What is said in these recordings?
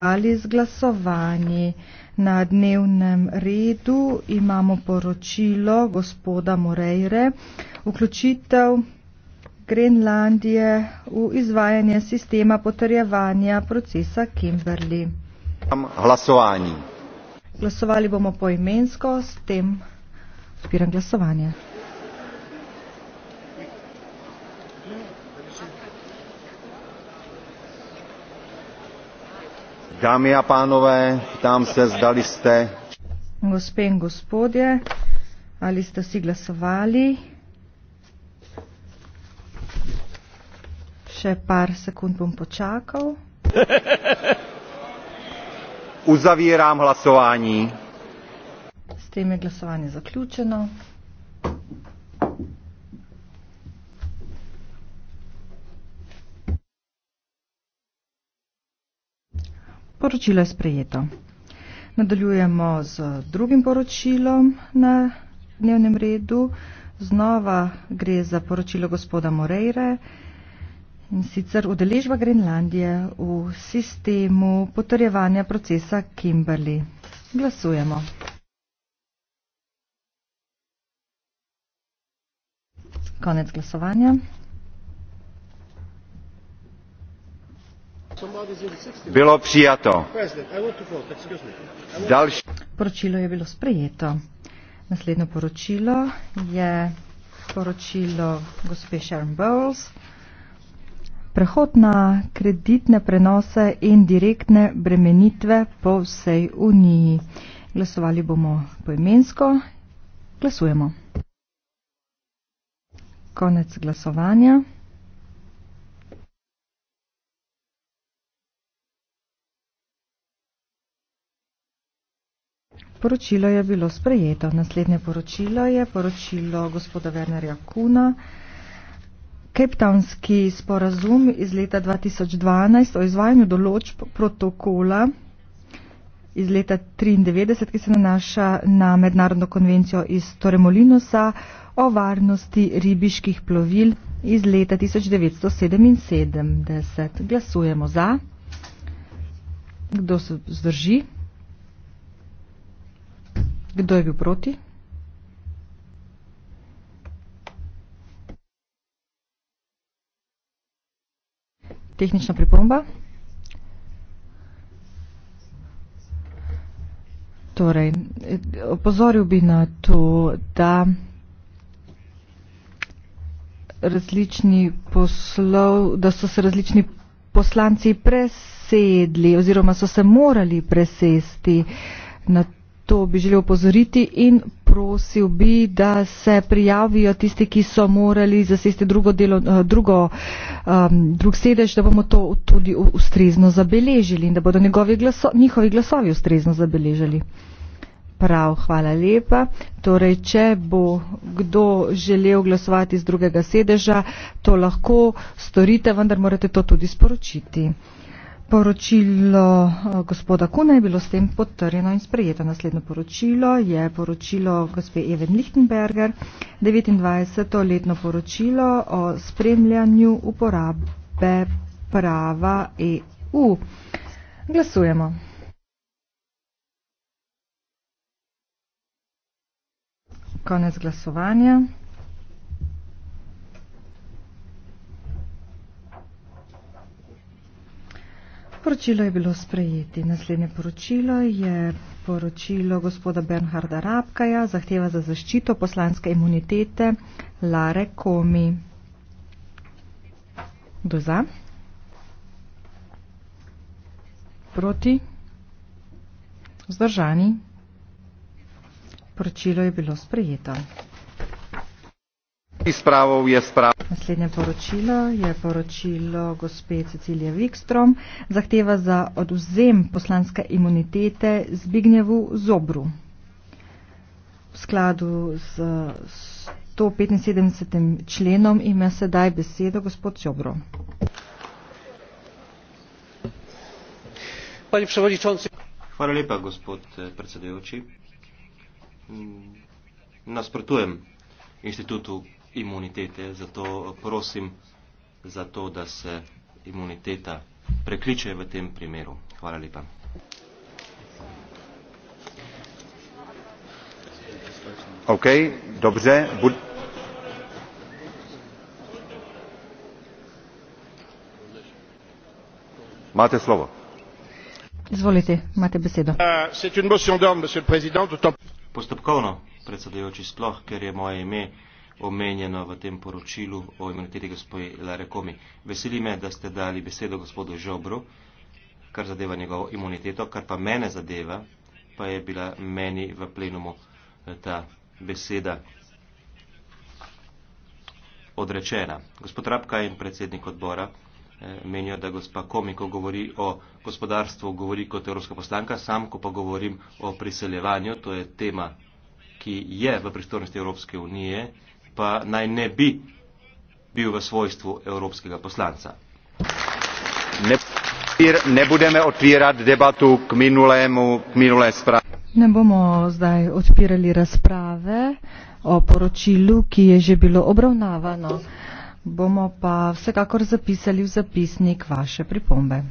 ali zglasovanji. Na dnevnem redu imamo poročilo gospoda Morejre, vključitev Grenlandije v izvajanje sistema potrjevanja procesa Kimberley. Glasovali bomo poimensko, s tem odpiram glasovanje. dámy a pánové, ptám se, zdali jste... Gospe in gospodje, ali ste si glasovali? Še par sekund bom počakal. Uzavírám hlasování. S tem je glasovanje zaključeno. Poročilo je sprejeto. Nadaljujemo z drugim poročilom na dnevnem redu. Znova gre za poročilo gospoda Moreire in sicer udeležba Grenlandije v sistemu potrjevanja procesa Kimberley. Glasujemo. Konec glasovanja. bilo prijato. Další... Poročilo je bilo sprejeto. Naslednjo poročilo je poročilo gospe Sharon Bowles. Prehod na kreditne prenose in direktne bremenitve po vsej Uniji. Glasovali bomo poimensko. Glasujemo. Konec glasovanja. Poročilo je bilo sprejeto. Naslednje poročilo je poročilo gospoda Wernerja Kuna. Cape Townski sporazum iz leta 2012 o izvajanju določb protokola iz leta 1993, ki se nanaša na mednarodno konvencijo iz Toremolinosa o varnosti ribiških plovil iz leta 1977. Glasujemo za. Kdo se zdrži? Kdo je bil proti? Tehnična pripomba. Torej, opozoril bi na to, da različni poslov, da so se različni poslanci presedli oziroma so se morali presesti na to, to bi želel opozoriti in prosil bi, da se prijavijo tisti, ki so morali zasesti drugo delo, eh, drugo, um, drug sedež, da bomo to tudi ustrezno zabeležili in da bodo glaso, njihovi glasovi ustrezno zabeležili. Prav, hvala lepa. Torej, če bo kdo želel glasovati z drugega sedeža, to lahko storite, vendar morate to tudi sporočiti. Poročilo eh, gospoda Kuna je bilo s tem potrjeno in sprejeto. Naslednje poročilo je poročilo gospe Even Lichtenberger, 29. letno poročilo o spremljanju uporabe prava EU. Glasujemo. Konec glasovanja. Poročilo je bilo sprejeti. Naslednje poročilo je poročilo gospoda Bernharda Rabkaja, zahteva za zaščito poslanske imunitete Lare Komi. Kdo za? Proti? Vzdržani? Poročilo je bilo sprejeto. Naslednje poročilo je poročilo gospe Cecilije Wikstrom, zahteva za oduzem poslanske imunitete Zbignjevu Zobru. V skladu z 175. členom ima sedaj besedo gospod Zobro. Hvala lepa, gospod eh, predsedujoči. Mm, nasprotujem institutu imunitete. Zato prosim za to, da se imuniteta prekliče v tem primeru. Hvala lepa. Ok, dobře. Bud Máte slovo. Izvolite, imate besedo. Euh, Postopkovno, predsedujoči sploh, ker je moje ime omenjeno v tem poročilu o imuniteti gospoji Lare Komi. Veseli me, da ste dali besedo gospodu Žobru, kar zadeva njegovo imuniteto, kar pa mene zadeva, pa je bila meni v plenumu eh, ta beseda odrečena. Gospod Rabka in predsednik odbora eh, menijo, da gospa Komi, ko govori o gospodarstvu, govori kot evropska poslanka, sam, ko pa govorim o priseljevanju, to je tema, ki je v pristornosti Evropske unije, pa naj ne bi bil v svojstvu evropskega poslanca. Ne, ne bomo odpirati debatu k minulemu, k minulej spravi. Ne bomo zdaj odpirali razprave o poročilu, ki je že bilo obravnavano. Bomo pa vsekakor zapisali v zapisnik vaše pripombe.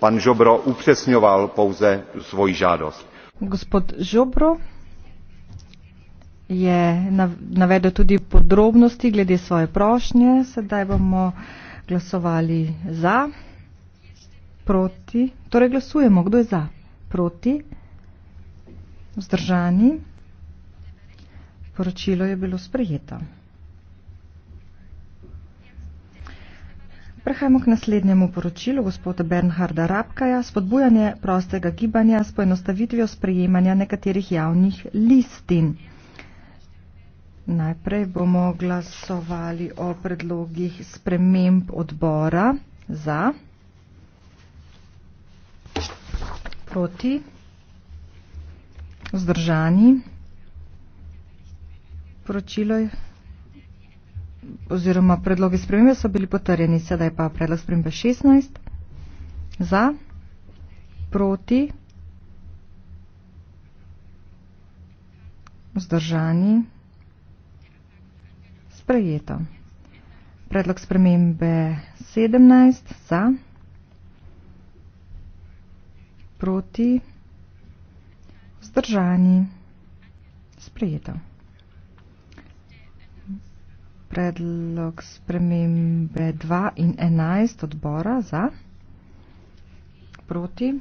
Pan Žobro upresnjoval pouze svoj žadost. Gospod Žobro je navedel tudi podrobnosti glede svoje prošnje. Sedaj bomo glasovali za, proti. Torej glasujemo, kdo je za, proti, vzdržani. Poročilo je bilo sprejeto. Prehajamo k naslednjemu poročilu gospoda Bernharda Rabkaja. Spodbujanje prostega gibanja s poenostavitvijo sprejemanja nekaterih javnih listin. Najprej bomo glasovali o predlogih sprememb odbora za, proti, vzdržani, poročilo oziroma predlogi spremembe so bili potrjeni, sedaj pa predlog spremembe 16, za, proti, vzdržani, vzdržani, sprejeto. Predlog spremembe 17 za, proti, vzdržani, sprejeto. Predlog spremembe 2 in 11 odbora za, proti,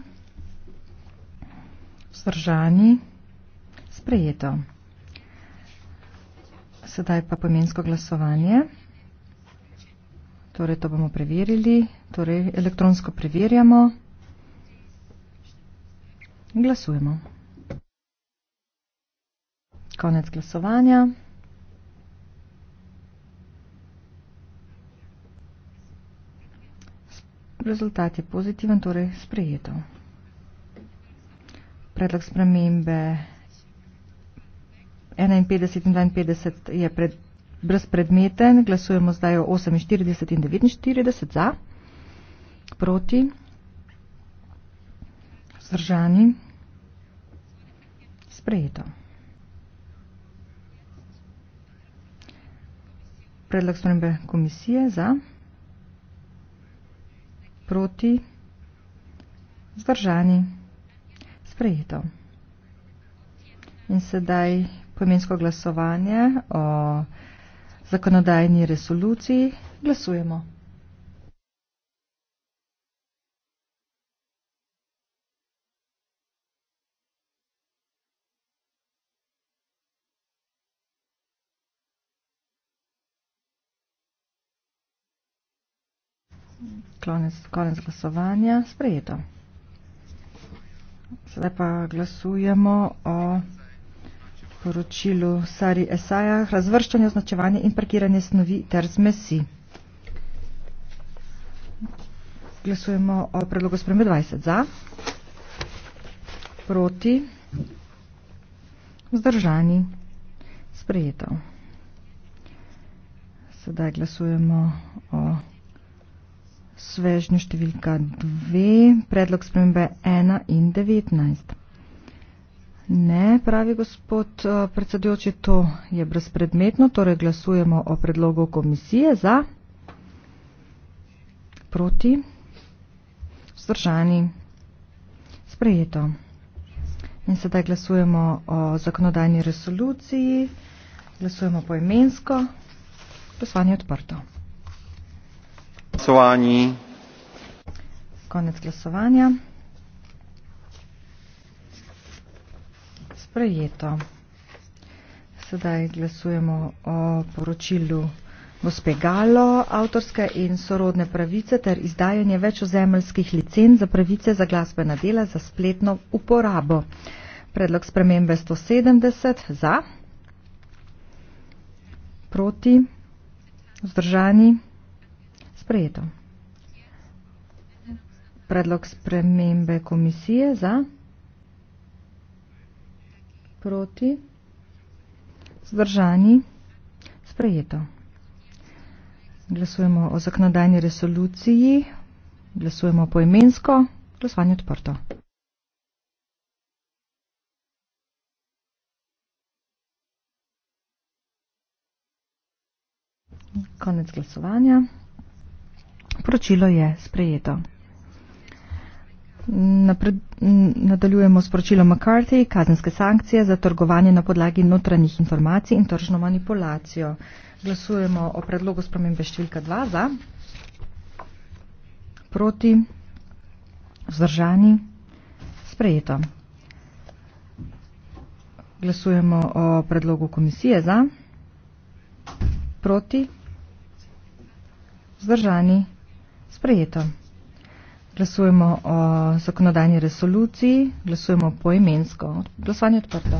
vzdržani, sprejeto. Sedaj pa pomensko glasovanje. Torej, to bomo preverili. Torej, elektronsko preverjamo. Glasujemo. Konec glasovanja. Rezultat je pozitiven, torej sprejeto. Predlog spremembe 51 in 52 je pred, brezpredmeten. Glasujemo zdaj o 48 in 49 za, proti, vzdržani, sprejeto. Predlog spremembe komisije za, proti, vzdržani, sprejeto. In sedaj pomensko glasovanje o zakonodajni resoluciji. Glasujemo. Klonec, konec glasovanja. Sprejeto. Sedaj pa glasujemo o poročilu Sari Esaja, razvrščanje, označevanje in parkiranje snovi ter zmesi. Glasujemo o predlogu spremembe 20 za, proti, vzdržani, sprejeto. Sedaj glasujemo o svežnju številka 2, predlog spremembe 1 in 19. Ne, pravi gospod eh, predsedujoči, to je brezpredmetno, torej glasujemo o predlogu komisije za, proti, vzdržani, sprejeto. In sedaj glasujemo o zakonodajni resoluciji, glasujemo po imensko, glasovanje odprto. Glasovanje. Konec glasovanja. sprejeto. Sedaj glasujemo o poročilu gospe Galo, avtorske in sorodne pravice ter izdajanje več ozemeljskih licenc za pravice za glasbena dela za spletno uporabo. Predlog spremembe 170 za, proti, vzdržani, sprejeto. Predlog spremembe komisije za proti, zdržani, sprejeto. Glasujemo o zakonodajni resoluciji, glasujemo poimensko, glasovanje odprto. Konec glasovanja. Poročilo je sprejeto. Napred, nadaljujemo s poročilom McCarthy, kazenske sankcije za trgovanje na podlagi notranjih informacij in tržno manipulacijo. Glasujemo o predlogu spremembe številka 2 za, proti, vzdržani, sprejeto. Glasujemo o predlogu komisije za, proti, vzdržani, sprejeto. Glasujemo o zakonodajni resoluciji, glasujemo poimensko. Glasovanje je odprto.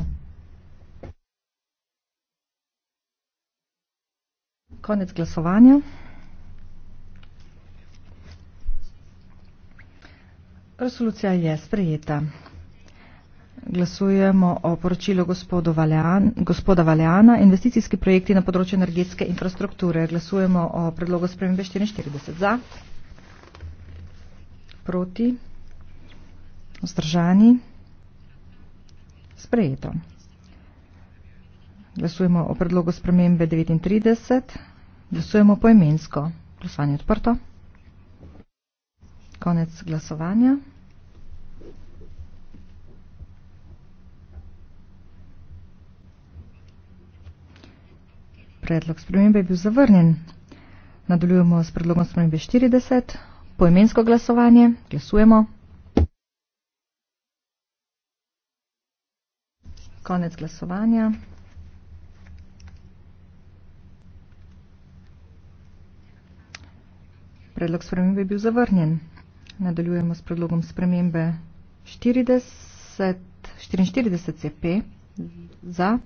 Konec glasovanja. Resolucija je sprejeta. Glasujemo o poročilu gospoda Valjana, investicijski projekti na področju energetske infrastrukture. Glasujemo o predlogu spremembe 44 za proti, vzdržani, sprejeto. Glasujemo o predlogu spremembe 39. Glasujemo poimensko. Glasovanje odprto. Konec glasovanja. Predlog spremembe je bil zavrnjen. Nadaljujemo s predlogom spremembe 40 poimensko glasovanje. Glasujemo. Konec glasovanja. Predlog spremembe je bil zavrnjen. Nadaljujemo s predlogom spremembe 40, 44 CP za,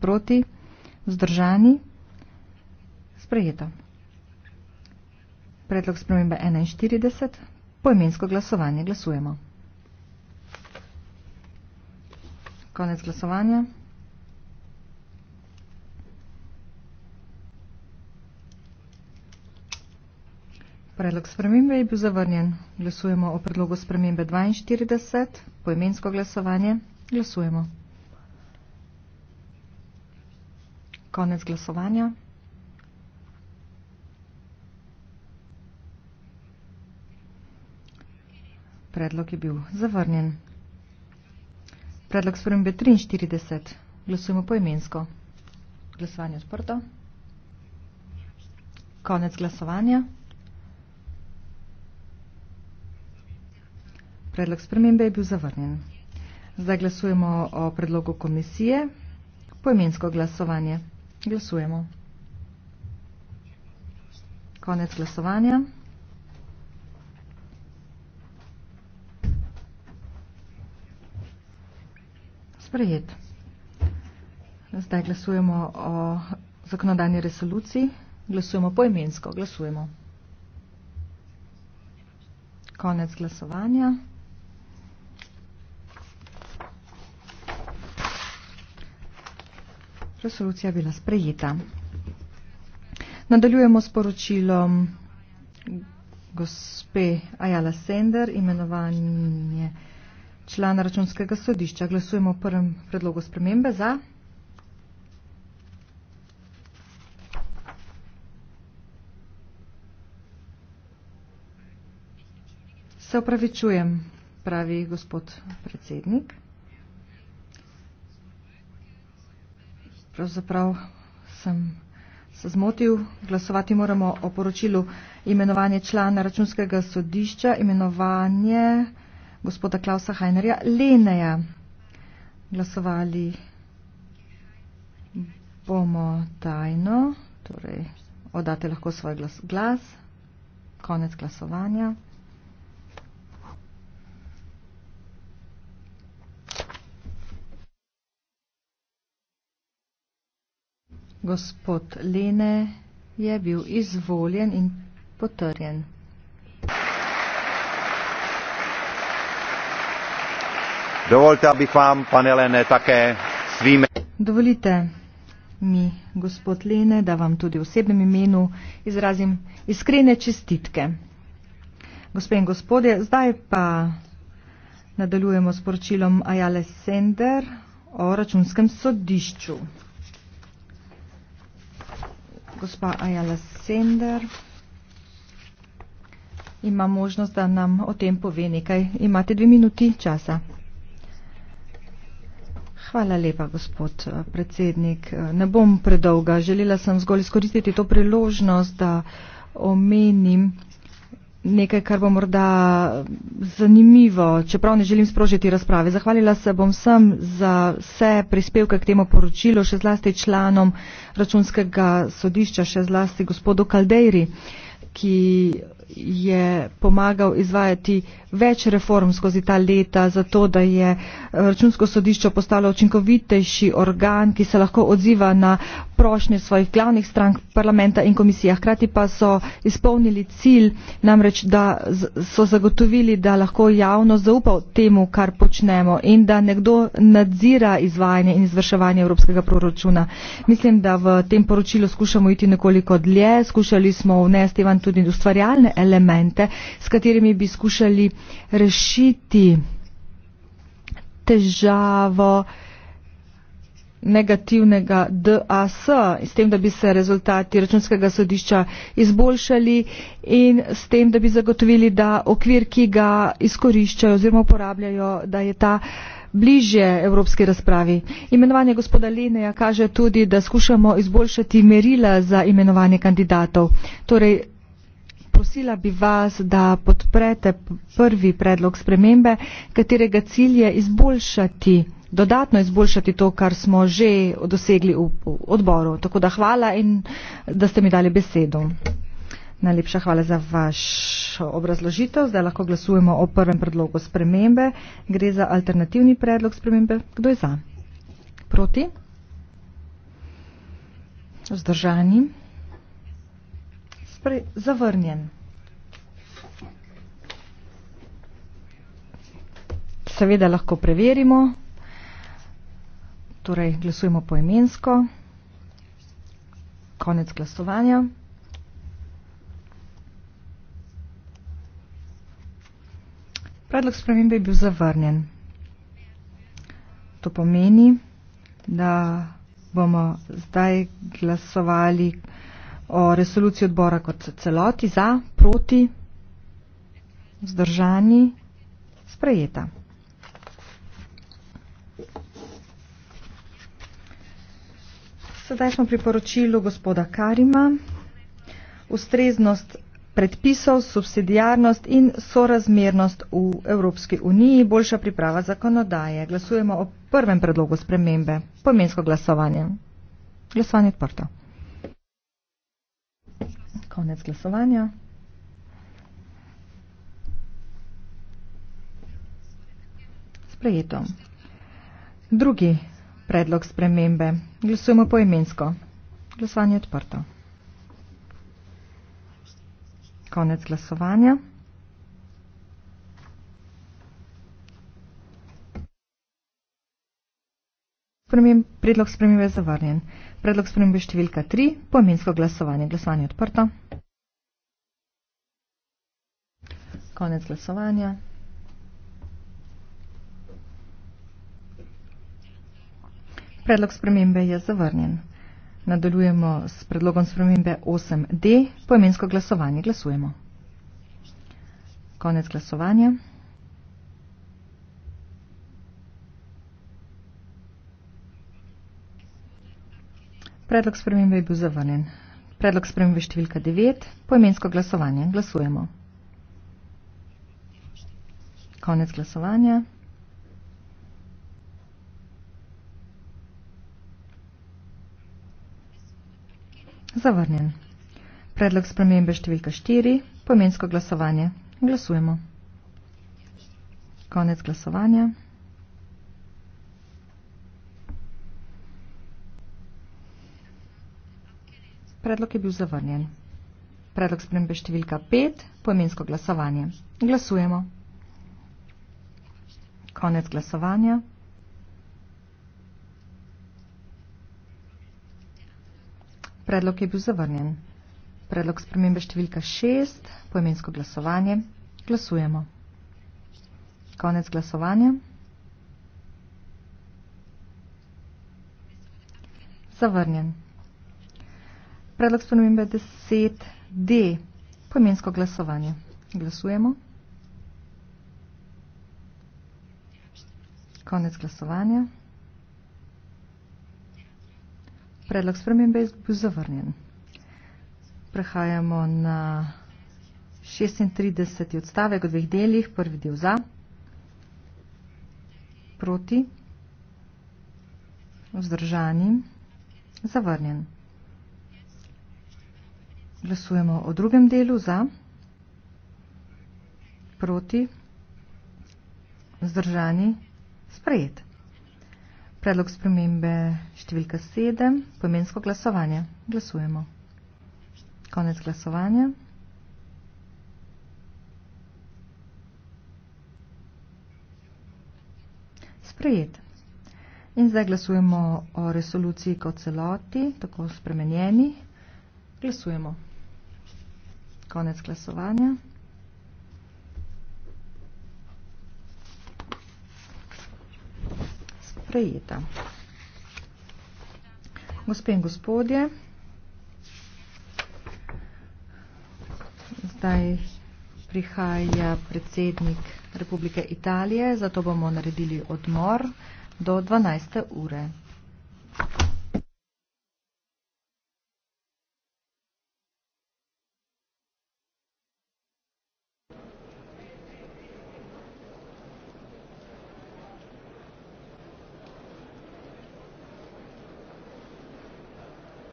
proti, vzdržani, sprejeto. Predlog spremembe 41. Poimensko glasovanje glasujemo. Konec glasovanja. Predlog spremembe je bil zavrnjen. Glasujemo o predlogu spremembe 42. Poimensko glasovanje glasujemo. Konec glasovanja. Predlog je bil zavrnjen. Predlog spremembe 43. Glasujemo poimensko. Glasovanje odprto. Konec glasovanja. Predlog spremembe je bil zavrnjen. Zdaj glasujemo o predlogu komisije. Poimensko glasovanje. Glasujemo. Konec glasovanja. Sprejet. Zdaj glasujemo o zakonodajni resoluciji. Glasujemo poimensko. Glasujemo. Konec glasovanja. Resolucija bila sprejeta. Nadaljujemo s poročilom gospe Ajala Sender, imenovanje član računskega sodišča. Glasujemo o prvem predlogu spremembe za. Se upravičujem, pravi gospod predsednik. Pravzaprav sem se zmotil. Glasovati moramo o poročilu imenovanje člana računskega sodišča, imenovanje gospoda Klausa Heinerja Leneja. Glasovali bomo tajno, torej oddate lahko svoj glas, glas. konec glasovanja. Gospod Lene je bil izvoljen in potrjen. Dovolte, abych vám, pane Lene, také svým... Dovolíte mi, gospod Lene, da vám tudi osebnem imenu izrazim iskrene čestitke. Gospe in gospodje, zdaj pa nadaljujemo s poročilom Ajale Sender o računskem sodišču. Gospa Ajala Sender ima možnost, da nam o tem pove nekaj. Imate dve minuti časa. Hvala lepa, gospod eh, predsednik. Eh, ne bom predolga. Želela sem zgolj izkoristiti to priložnost, da omenim nekaj, kar bo morda eh, zanimivo, čeprav ne želim sprožiti razprave. Zahvalila se bom vsem za vse prispevke k temu poročilu, še zlasti članom računskega sodišča, še zlasti gospodu Kaldejri. Uh, ki je pomagal izvajati več reform skozi ta leta, zato da je eh, računsko sodišče postalo učinkovitejši organ, ki se lahko odziva na prošnje svojih glavnih strank parlamenta in komisija. Hkrati pa so izpolnili cilj, namreč da so zagotovili, da lahko javno zaupa temu, kar počnemo in da nekdo nadzira izvajanje in izvrševanje evropskega proračuna. Mislim, da v tem poročilu skušamo iti nekoliko dlje, skušali smo vnesti van vprašanj tudi ustvarjalne elemente, s katerimi bi skušali rešiti težavo negativnega DAS, s tem, da bi se rezultati računskega sodišča izboljšali in s tem, da bi zagotovili, da okvir, ki ga izkoriščajo oziroma uporabljajo, da je ta bližje evropski razpravi. Imenovanje gospoda Leneja kaže tudi, da skušamo izboljšati merila za imenovanje kandidatov. Torej, Prosila bi vas, da podprete prvi predlog spremembe, katerega cilj je izboljšati, dodatno izboljšati to, kar smo že dosegli v odboru. Tako da hvala in da ste mi dali besedo. Najlepša hvala za vašo obrazložitev. Zdaj lahko glasujemo o prvem predlogu spremembe. Gre za alternativni predlog spremembe. Kdo je za? Proti? Vzdržani zavrnjen. Seveda lahko preverimo, torej glasujemo poimensko, konec glasovanja. Predlog spremembe je bil zavrnjen. To pomeni, da bomo zdaj glasovali o resoluciji odbora kot celoti za, proti, vzdržani, sprejeta. Sedaj smo priporočili gospoda Karima. Ustreznost predpisov, subsidijarnost in sorazmernost v Evropski uniji, boljša priprava zakonodaje. Glasujemo o prvem predlogu spremembe, pomensko glasovanje. Glasovanje odprto konec glasovanja. Sprejeto. Drugi predlog spremembe. Glasujemo poimensko. Glasovanje odprto. Konec glasovanja. Spremem, predlog spremembe je zavrnjen. Predlog spremembe številka 3, pomensko glasovanje. Glasovanje odprto. Konec glasovanja. Predlog spremembe je zavrnjen. Nadaljujemo s predlogom spremembe 8D, pomensko glasovanje. Glasujemo. Konec glasovanja. Predlog spremembe je bil zavrnjen. Predlog spremembe številka 9, poimensko glasovanje. Glasujemo. Konec glasovanja. Zavrnjen. Predlog spremembe številka 4, poimensko glasovanje. Glasujemo. Konec glasovanja. predlog je bil zavrnjen. Predlog spremembe številka 5, poimensko glasovanje. Glasujemo. Konec glasovanja. Predlog je bil zavrnjen. Predlog spremembe številka 6, poimensko glasovanje. Glasujemo. Konec glasovanja. Zavrnjen. Predlog spremembe 10D. Pojmensko glasovanje. Glasujemo. Konec glasovanja. Predlog spremembe je bil zavrnjen. Prehajamo na 36. odstavek v dveh delih. Prvi del za, proti, vzdržanim, zavrnjen. Glasujemo o drugem delu za, proti, zdržani, sprejet. Predlog spremembe številka 7, pomensko glasovanje. Glasujemo. Konec glasovanja. Sprejet. In zdaj glasujemo o resoluciji kot celoti, tako spremenjeni. Glasujemo. Glasujemo. Konec glasovanja. Sprejeta. Gospe in gospodje, zdaj prihaja predsednik Republike Italije, zato bomo naredili odmor do 12. ure.